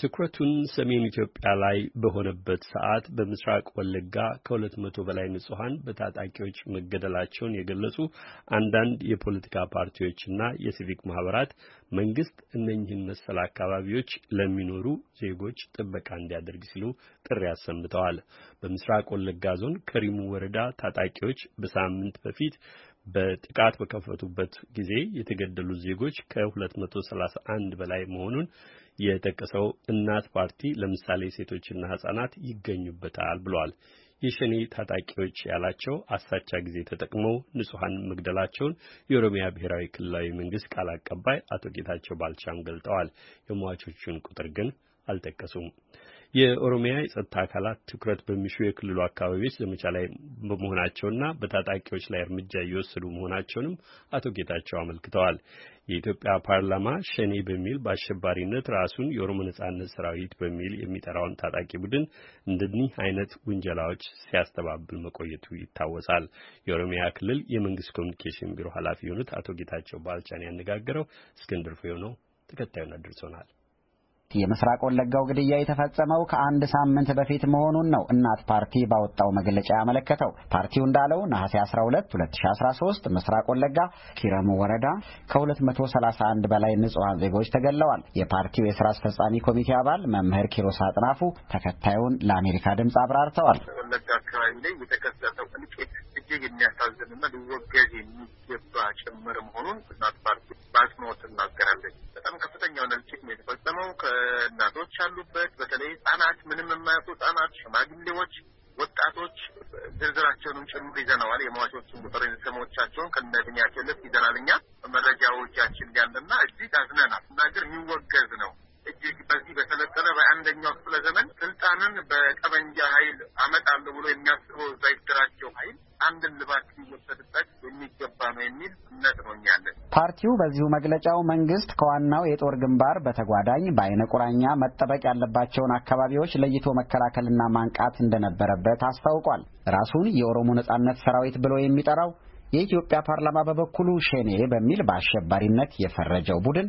ትኩረቱን ሰሜን ኢትዮጵያ ላይ በሆነበት ሰዓት በምስራቅ ወለጋ ከሁለት መቶ በላይ ንጹሐን በታጣቂዎች መገደላቸውን የገለጹ አንዳንድ የፖለቲካ ፓርቲዎችና የሲቪክ ማህበራት መንግስት እነኝህን መሰል አካባቢዎች ለሚኖሩ ዜጎች ጥበቃ እንዲያደርግ ሲሉ ጥሪ አሰምተዋል። በምስራቅ ወለጋ ዞን ከሪሙ ወረዳ ታጣቂዎች በሳምንት በፊት በጥቃት በከፈቱበት ጊዜ የተገደሉ ዜጎች ከ231 በላይ መሆኑን የጠቀሰው እናት ፓርቲ ለምሳሌ ሴቶችና ህጻናት ይገኙበታል ብሏል። የሸኔ ታጣቂዎች ያላቸው አሳቻ ጊዜ ተጠቅመው ንጹሐን መግደላቸውን የኦሮሚያ ብሔራዊ ክልላዊ መንግስት ቃል አቀባይ አቶ ጌታቸው ባልቻም ገልጠዋል። የሟቾቹን ቁጥር ግን አልጠቀሱም። የኦሮሚያ የጸጥታ አካላት ትኩረት በሚሹ የክልሉ አካባቢዎች ዘመቻ ላይ በመሆናቸውና በታጣቂዎች ላይ እርምጃ እየወሰዱ መሆናቸውንም አቶ ጌታቸው አመልክተዋል። የኢትዮጵያ ፓርላማ ሸኔ በሚል በአሸባሪነት ራሱን የኦሮሞ ነጻነት ሰራዊት በሚል የሚጠራውን ታጣቂ ቡድን እንደዚህ አይነት ውንጀላዎች ሲያስተባብል መቆየቱ ይታወሳል። የኦሮሚያ ክልል የመንግስት ኮሚኒኬሽን ቢሮ ኃላፊ የሆኑት አቶ ጌታቸው ባልቻን ያነጋገረው እስክንድር ፍሬው ነው። ተከታዩን አድርሶናል። የምስራቅ ወለጋው ግድያ የተፈጸመው ከአንድ ሳምንት በፊት መሆኑን ነው እናት ፓርቲ ባወጣው መግለጫ ያመለከተው። ፓርቲው እንዳለው ነሐሴ 12 2013 ምስራቅ ወለጋ ኪረሙ ወረዳ ከ231 በላይ ንጹሐን ዜጎች ተገለዋል። የፓርቲው የስራ አስፈጻሚ ኮሚቴ አባል መምህር ኪሮስ አጥናፉ ተከታዩን ለአሜሪካ ድምፅ አብራርተዋል። ወለጋ አካባቢ ላይ የተከሰተው እልቂት እጅግ የሚያሳዝንና ሊወገዝ የሚገባ ጭምር መሆኑን እናት ፓርቲ በአጽንኦት ትናገራለች። በጣም ከፍተኛ የሆነ እልቂት ነው የተፈጸመው። ከእናቶች አሉበት፣ በተለይ ህጻናት፣ ምንም የማያውቁ ህጻናት፣ ሽማግሌዎች፣ ወጣቶች ዝርዝራቸውንም ጭምር ይዘነዋል። የሟቾችን ቁጥር ስሞቻቸውን ከነ ዕድሜያቸው ልክ ይዘናል። እኛ መረጃዎቻችን ያለና እጅግ አዝነናል እና የሚወገዝ ነው እጅግ በዚህ በሰለጠነ በአንደኛው ክፍለ ዘመን ስልጣንን በጠመንጃ ኃይል አመጣለሁ ብሎ የሚያስበው እዛ ይደራጀው ኃይል አንድን ልባት ሊወሰድበት የሚገባ ነው የሚል እምነት ነው ያለን። ፓርቲው በዚሁ መግለጫው መንግስት ከዋናው የጦር ግንባር በተጓዳኝ በአይነ ቁራኛ መጠበቅ ያለባቸውን አካባቢዎች ለይቶ መከላከልና ማንቃት እንደነበረበት አስታውቋል። ራሱን የኦሮሞ ነጻነት ሰራዊት ብሎ የሚጠራው የኢትዮጵያ ፓርላማ በበኩሉ ሸኔ በሚል በአሸባሪነት የፈረጀው ቡድን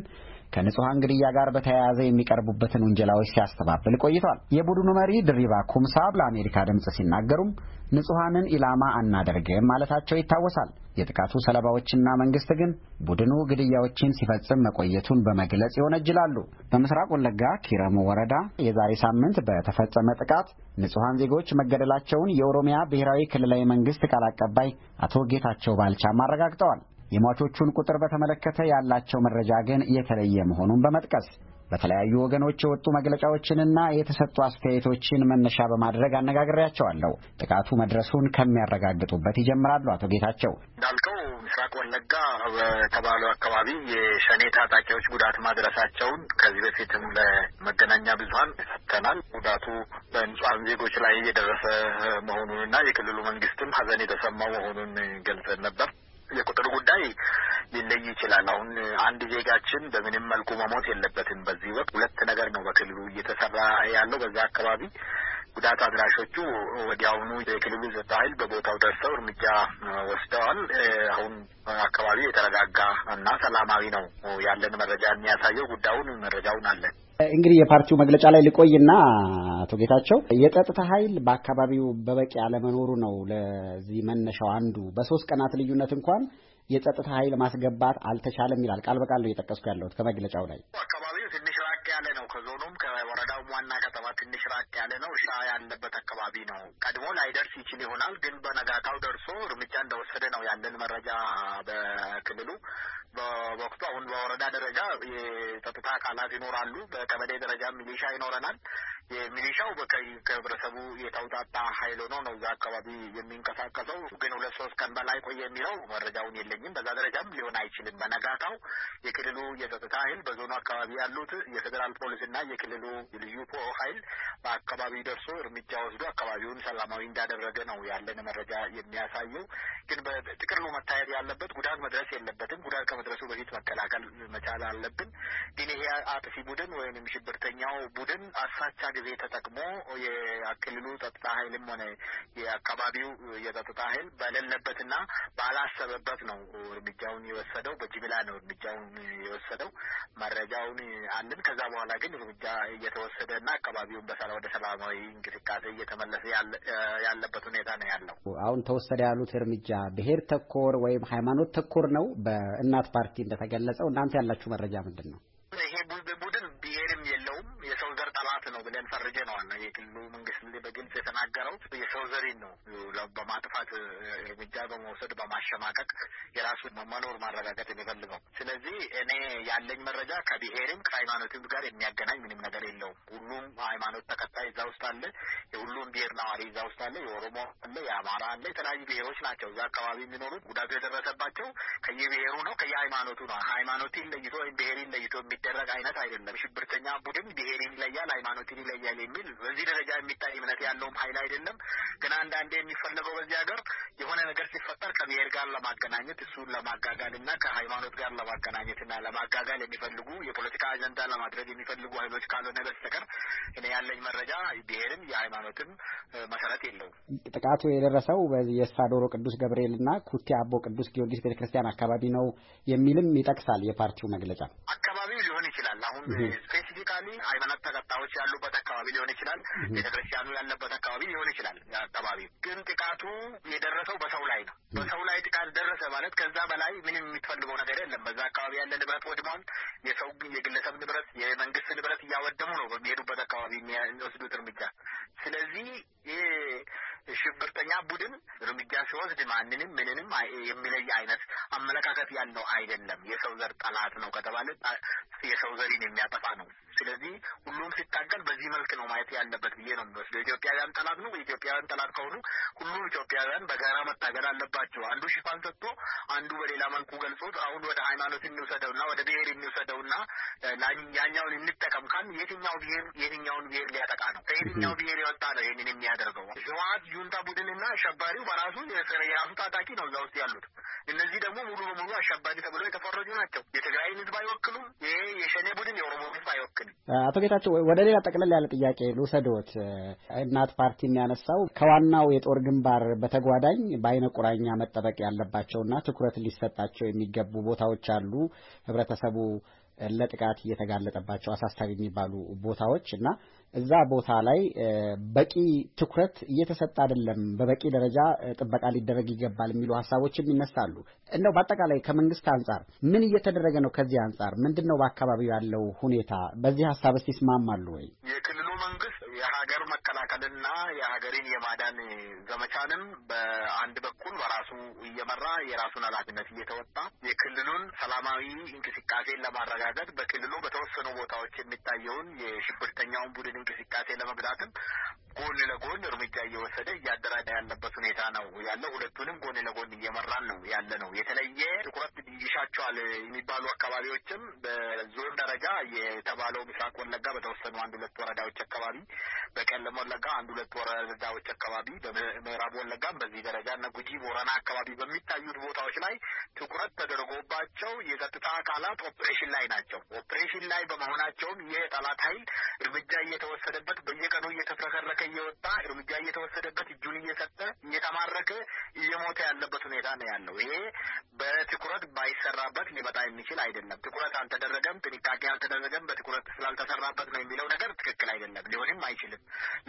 ከንጹሐን ግድያ ጋር በተያያዘ የሚቀርቡበትን ውንጀላዎች ሲያስተባብል ቆይቷል። የቡድኑ መሪ ድሪባ ኩምሳ ለአሜሪካ ድምፅ ሲናገሩም ንጹሐንን ኢላማ አናደርግም ማለታቸው ይታወሳል። የጥቃቱ ሰለባዎችና መንግስት ግን ቡድኑ ግድያዎችን ሲፈጽም መቆየቱን በመግለጽ ይወነጅላሉ። በምስራቅ ወለጋ ኪረሙ ወረዳ የዛሬ ሳምንት በተፈጸመ ጥቃት ንጹሐን ዜጎች መገደላቸውን የኦሮሚያ ብሔራዊ ክልላዊ መንግስት ቃል አቀባይ አቶ ጌታቸው ባልቻም አረጋግጠዋል። የሟቾቹን ቁጥር በተመለከተ ያላቸው መረጃ ግን የተለየ መሆኑን በመጥቀስ በተለያዩ ወገኖች የወጡ መግለጫዎችንና የተሰጡ አስተያየቶችን መነሻ በማድረግ አነጋግሬያቸዋለሁ። ጥቃቱ መድረሱን ከሚያረጋግጡበት ይጀምራሉ። አቶ ጌታቸው እንዳልከው ምስራቅ ወለጋ በተባለው አካባቢ የሸኔ ታጣቂዎች ጉዳት ማድረሳቸውን ከዚህ በፊትም ለመገናኛ ብዙኃን ሰጥተናል። ጉዳቱ በንጹሐን ዜጎች ላይ የደረሰ መሆኑንና የክልሉ መንግስትም ሀዘን የተሰማው መሆኑን ገልጸን ነበር። የቁጥር ጉዳይ ሊለይ ይችላል። አሁን አንድ ዜጋችን በምንም መልኩ መሞት የለበትም። በዚህ ወቅት ሁለት ነገር ነው በክልሉ እየተሰራ ያለው በዛ አካባቢ ጉዳት አድራሾቹ ወዲያውኑ የክልሉ ጸጥታ ኃይል በቦታው ደርሰው እርምጃ ወስደዋል። አሁን አካባቢ የተረጋጋ እና ሰላማዊ ነው ያለን መረጃ የሚያሳየው ጉዳዩን መረጃውን አለን። እንግዲህ የፓርቲው መግለጫ ላይ ልቆይና አቶ ጌታቸው የጸጥታ ኃይል በአካባቢው በበቂ አለመኖሩ ነው ለዚህ መነሻው አንዱ። በሶስት ቀናት ልዩነት እንኳን የጸጥታ ኃይል ማስገባት አልተቻለም ይላል። ቃል በቃል ነው እየጠቀስኩ ያለሁት ከመግለጫው ላይ አካባቢው ትንሽ ዋና ከተማ ትንሽ ራቅ ያለ ነው። እርሻ ያለበት አካባቢ ነው። ቀድሞ ላይደርስ ይችል ይሆናል፣ ግን በነጋታው ደርሶ እርምጃ እንደወሰደ ነው ያለን መረጃ በክልሉ በወቅቱ አሁን በወረዳ ደረጃ የጸጥታ አካላት ይኖራሉ። በቀበሌ ደረጃ ሚሊሻ ይኖረናል። የሚሊሻው በቀይ ከህብረተሰቡ የተውጣጣ ሀይል ሆኖ ነው እዛ አካባቢ የሚንቀሳቀሰው። ግን ሁለት ሶስት ቀን በላይ ቆየ የሚለው መረጃውን የለኝም። በዛ ደረጃም ሊሆን አይችልም። በነጋታው የክልሉ የጸጥታ ኃይል በዞኑ አካባቢ ያሉት የፌዴራል ፖሊስና የክልሉ ልዩ ኃይል በአካባቢው ደርሶ እርምጃ ወስዶ አካባቢውን ሰላማዊ እንዳደረገ ነው ያለን መረጃ የሚያሳየው። ግን በጥቅሉ መታየት ያለበት ጉዳት መድረስ የለበትም። ጉዳት ከመድረሱ በፊት መከላከል መቻል አለብን። ግን ይሄ አጥፊ ቡድን ወይም ሽብርተኛው ቡድን አሳቻ ጊዜ ተጠቅሞ የክልሉ ጸጥታ ኃይልም ሆነ የአካባቢው የጸጥታ ኃይል በሌለበትና ባላሰበበት ነው እርምጃውን የወሰደው። በጅምላ ነው እርምጃውን የወሰደው። መረጃውን አለን። ከዛ በኋላ ግን እርምጃ እየተወሰደ እና አካባቢውን በሰላ ወደ ሰላማዊ እንቅስቃሴ እየተመለሰ ያለበት ሁኔታ ነው ያለው። አሁን ተወሰደ ያሉት እርምጃ ብሔር ተኮር ወይም ሃይማኖት ተኮር ነው በእናት ፓርቲ እንደተገለጸው። እናንተ ያላችሁ መረጃ ምንድን ነው? you can move እንግዲህ በግልጽ የተናገረው የሰው ዘሪን ነው በማጥፋት እርምጃ በመውሰድ በማሸማቀቅ የራሱ መኖር ማረጋገጥ የሚፈልገው። ስለዚህ እኔ ያለኝ መረጃ ከብሔርም ከሃይማኖትም ጋር የሚያገናኝ ምንም ነገር የለውም። ሁሉም ሃይማኖት ተከታይ እዛ ውስጥ አለ። የሁሉም ብሔር ነዋሪ እዛ ውስጥ አለ። የኦሮሞ አለ፣ የአማራ አለ። የተለያዩ ብሔሮች ናቸው እዛ አካባቢ የሚኖሩት። ጉዳቱ የደረሰባቸው ከየብሔሩ ነው፣ ከየሃይማኖቱ ነው። ሃይማኖትን ለይቶ ወይም ብሔርን ለይቶ የሚደረግ አይነት አይደለም። ሽብርተኛ ቡድን ብሔርን ይለያል፣ ሃይማኖትን ይለያል የሚል በዚህ ደረጃ የሚታይ እምነት ያለውም ሀይል አይደለም። ግን አንዳንዴ የሚፈለገው በዚህ ሀገር የሆነ ነገር ሲፈጠር ከብሔር ጋር ለማገናኘት እሱን ለማጋጋል እና ከሃይማኖት ጋር ለማገናኘት እና ለማጋጋል የሚፈልጉ የፖለቲካ አጀንዳ ለማድረግ የሚፈልጉ ሀይሎች ነገር በስተቀር እኔ ያለኝ መረጃ ብሔርም የሃይማኖትም መሰረት የለውም። ጥቃቱ የደረሰው የሳዶሮ ቅዱስ ገብርኤል እና ኩቴ አቦ ቅዱስ ጊዮርጊስ ቤተክርስቲያን አካባቢ ነው የሚልም ይጠቅሳል የፓርቲው መግለጫ። አካባቢው ሊሆን ይችላል አሁን አካባቢ ሃይማኖት ተከታዮች ያሉበት አካባቢ ሊሆን ይችላል። ቤተክርስቲያኑ ያለበት አካባቢ ሊሆን ይችላል። አካባቢ ግን ጥቃቱ የደረሰው በሰው ላይ ነው። በሰው ላይ ጥቃት ደረሰ ማለት ከዛ በላይ ምንም የሚፈልገው ነገር የለም። በዛ አካባቢ ያለ ንብረት ወድሟል። የሰው የግለሰብ ንብረት፣ የመንግስት ንብረት እያወደሙ ነው በሚሄዱበት አካባቢ የሚወስዱት እርምጃ። ስለዚህ ይህ ሽብርተኛ ቡድን እርምጃ ሲወስድ ማንንም ምንንም የሚለይ አይነት አመለካከት ያለው አይደለም። የሰው ዘር ጠላት ነው ከተባለ የሰው ዘሪን የሚያጠፋ ነው። ስለዚህ ሁሉም ሲታገል በዚህ መልክ ነው ማየት ያለበት ብዬ ነው የሚወስደው። ኢትዮጵያውያን ጠላት ነው። ኢትዮጵያውያን ጠላት ከሆኑ ሁሉም ኢትዮጵያውያን በጋራ መታገል አለባቸው። አንዱ ሽፋን ሰጥቶ አንዱ በሌላ መልኩ ገልጾት አሁን ወደ ሃይማኖት እንውሰደውና ወደ ብሔር የሚወሰደውና ያኛውን እንጠቀም ካን የትኛው ብሔር የትኛውን ብሔር ሊያጠቃ ነው? ከየትኛው ብሔር የወጣ ነው ይህንን የሚያደርገው? ህወሓት ጁንታ ቡድንና አሸባሪው በራሱ የራሱ ታጣቂ ነው እዛ ውስጥ ያሉት። እነዚህ ደግሞ ሙሉ በሙሉ አሸባሪ ተብሎ የተፈረጁ ናቸው። የትግራይን ህዝብ አይወክሉም። ይሄ የሸኔ ቡድን የኦሮሞ ህዝብ አይወክልም። አቶ ጌታቸው ወደ ሌላ ጠቅለል ያለ ጥያቄ ልውሰድዎት። እናት ፓርቲ የሚያነሳው ከዋናው የጦር ግንባር በተጓዳኝ በአይነ ቁራኛ መጠበቅ ያለባቸውና ትኩረት ሊሰጣቸው የሚገቡ ቦታዎች አሉ ህብረተሰቡ ለጥቃት እየተጋለጠባቸው አሳሳቢ የሚባሉ ቦታዎች እና እዛ ቦታ ላይ በቂ ትኩረት እየተሰጠ አይደለም፣ በበቂ ደረጃ ጥበቃ ሊደረግ ይገባል የሚሉ ሀሳቦችም ይነሳሉ። እንደው በአጠቃላይ ከመንግስት አንጻር ምን እየተደረገ ነው? ከዚህ አንጻር ምንድን ነው በአካባቢው ያለው ሁኔታ? በዚህ ሀሳብ እስቲ ይስማማሉ ወይ? የክልሉ መንግስት የሀገር መከላከልና የሀገርን የማዳን ዘመቻንም በአንድ በኩል በራሱ እየመራ የራሱን ኃላፊነት እየተወጣ የክልሉን ሰላማዊ እንቅስቃሴን ለማረጋገጥ በክልሉ በተወሰኑ ቦታዎች የሚታየውን የሽብርተኛውን ቡድን እንቅስቃሴ ለመግዳትም ጎን ለጎን እርምጃ እየወሰደ እያደራዳ ያለበት ሁኔታ ያለው ሁለቱንም ጎን ለጎን እየመራን ነው ያለ ነው። የተለየ ትኩረት ይሻቸዋል የሚባሉ አካባቢዎችም በዞን ደረጃ የተባለው ምስራቅ ወለጋ በተወሰኑ አንድ ሁለት ወረዳዎች አካባቢ፣ በቄለም ወለጋ አንድ ሁለት ወረዳዎች አካባቢ፣ በምዕራብ ወለጋም በዚህ ደረጃ እና ጉጂ ቦረና አካባቢ በሚታዩት ቦታዎች ላይ ትኩረት ተደርጎባቸው የጸጥታ አካላት ኦፕሬሽን ላይ ናቸው። ኦፕሬሽን ላይ በመሆናቸውም ይህ የጠላት ኃይል እርምጃ እየተወሰደበት በየቀኑ እየተፍረከረከ እየወጣ እርምጃ እየተወሰደበት እጁን እየሰጠ እየተማረከ እየሞተ ያለበት ሁኔታ ነው ያለው። ይሄ በትኩረት ባይሰራበት ሊመጣ የሚችል አይደለም። ትኩረት አልተደረገም፣ ጥንቃቄ አልተደረገም፣ በትኩረት ስላልተሰራበት ነው የሚለው ነገር ትክክል አይደለም፣ ሊሆንም አይችልም።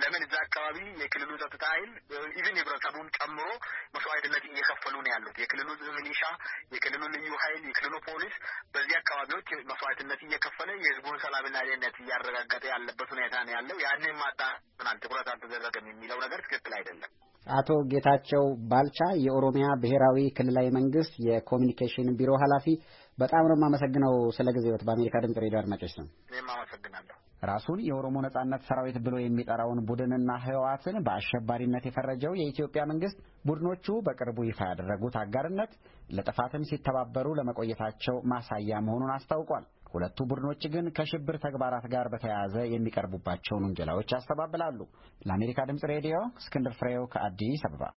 ለምን እዛ አካባቢ የክልሉ ጸጥታ ኃይል ኢቭን ህብረተሰቡን ጨምሮ መስዋዕትነት እየከፈሉ ነው ያሉት። የክልሉ ሚሊሻ፣ የክልሉ ልዩ ኃይል፣ የክልሉ ፖሊስ በዚህ አካባቢዎች መስዋዕትነት እየከፈለ የህዝቡን ሰላምና ደህንነት እያረጋገጠ ያለበት ሁኔታ ነው ያለው። ያንን ማጣናል ትኩረት አልተደረገም የሚለው ነገር ትክክል አይደለም። አቶ ጌታቸው ባልቻ የኦሮሚያ ብሔራዊ ክልላዊ መንግስት የኮሚኒኬሽን ቢሮ ኃላፊ፣ በጣም ነው የማመሰግነው ስለ ጊዜዎት። በአሜሪካ ድምጽ ሬዲዮ አድማጮች ነው። እኔም አመሰግናለሁ። ራሱን የኦሮሞ ነጻነት ሰራዊት ብሎ የሚጠራውን ቡድንና ህወሓትን በአሸባሪነት የፈረጀው የኢትዮጵያ መንግስት ቡድኖቹ በቅርቡ ይፋ ያደረጉት አጋርነት ለጥፋትም ሲተባበሩ ለመቆየታቸው ማሳያ መሆኑን አስታውቋል። ሁለቱ ቡድኖች ግን ከሽብር ተግባራት ጋር በተያያዘ የሚቀርቡባቸውን ውንጀላዎች ያስተባብላሉ። ለአሜሪካ ድምፅ ሬዲዮ እስክንድር ፍሬው ከአዲስ አበባ